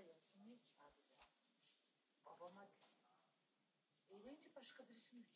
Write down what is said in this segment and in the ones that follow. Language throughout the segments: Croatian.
hikayesini Eğlence başka birisinin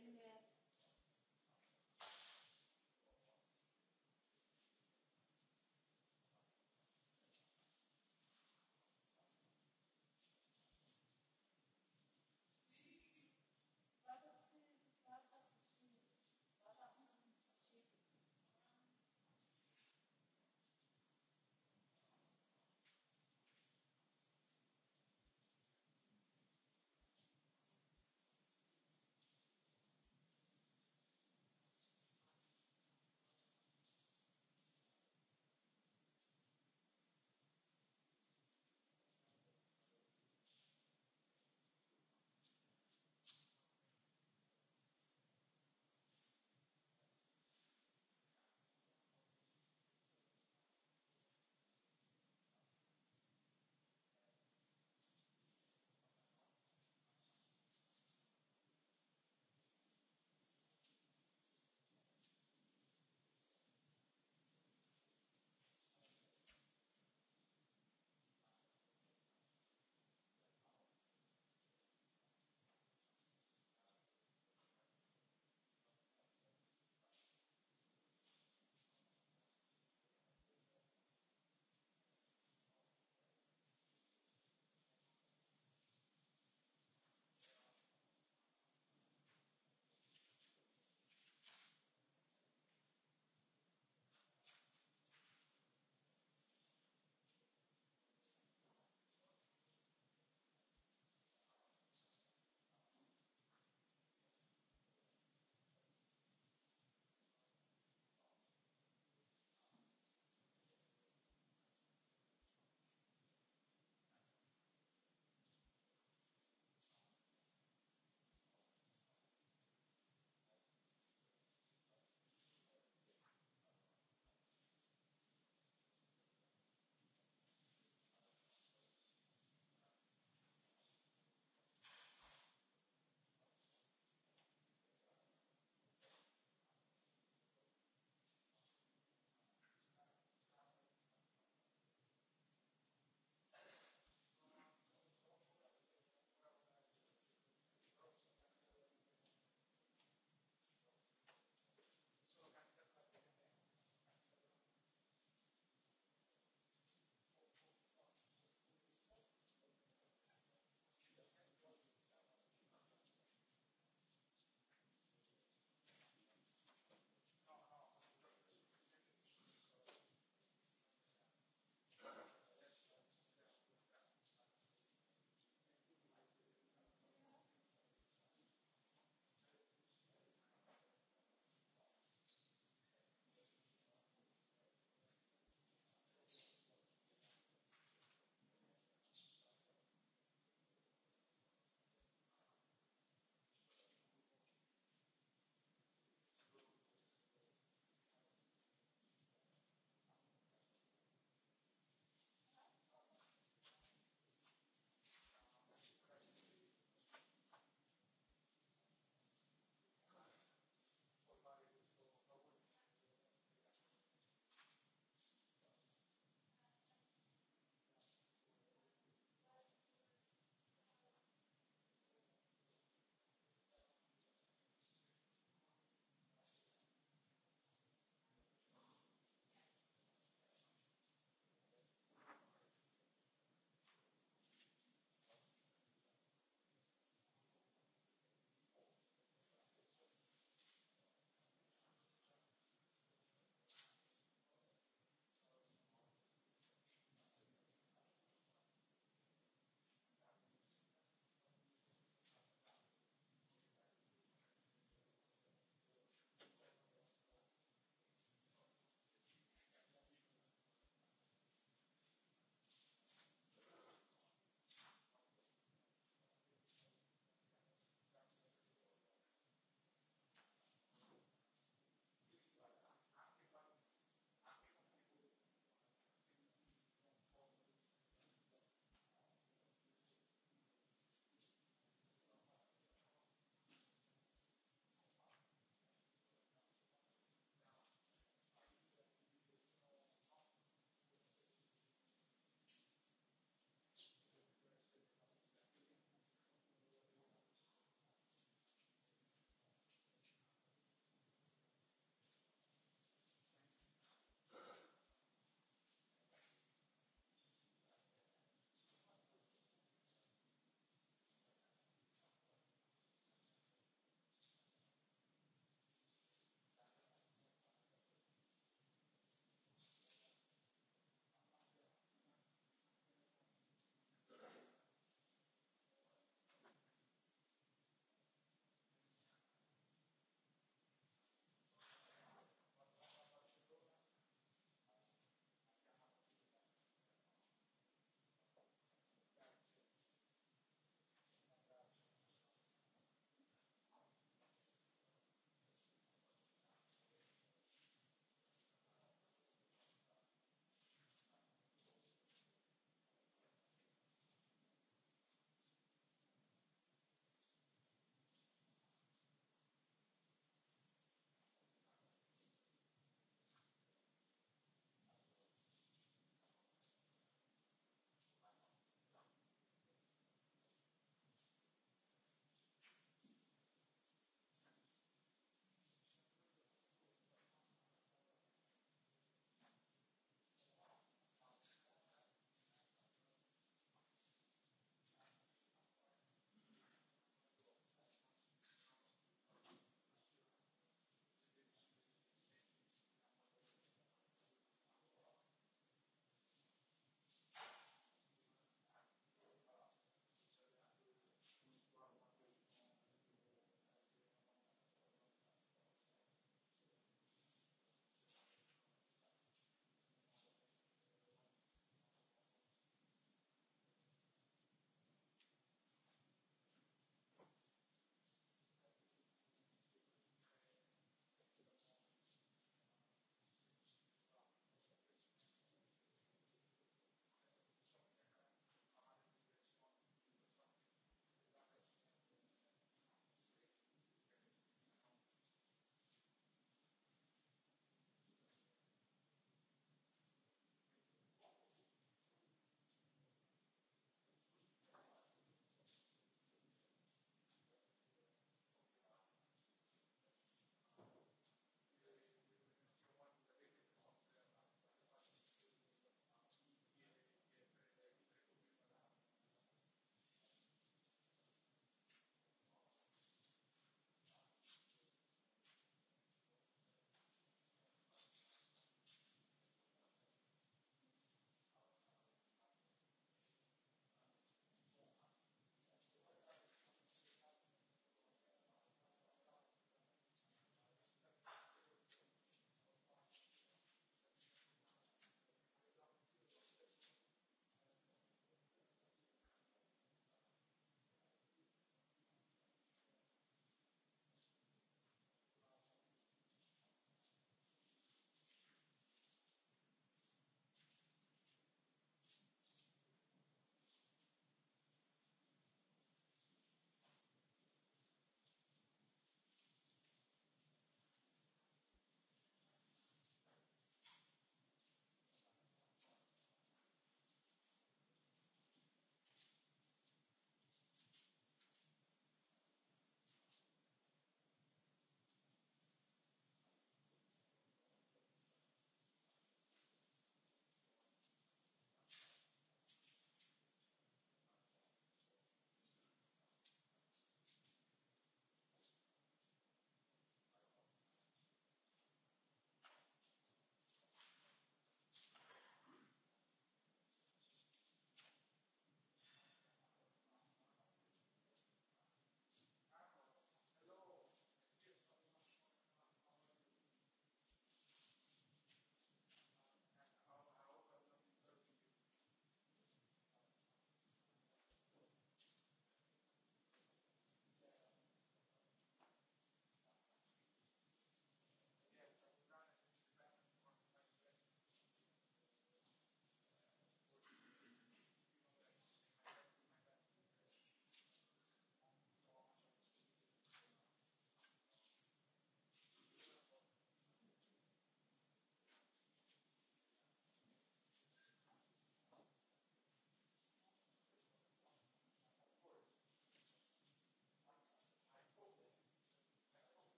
zemlje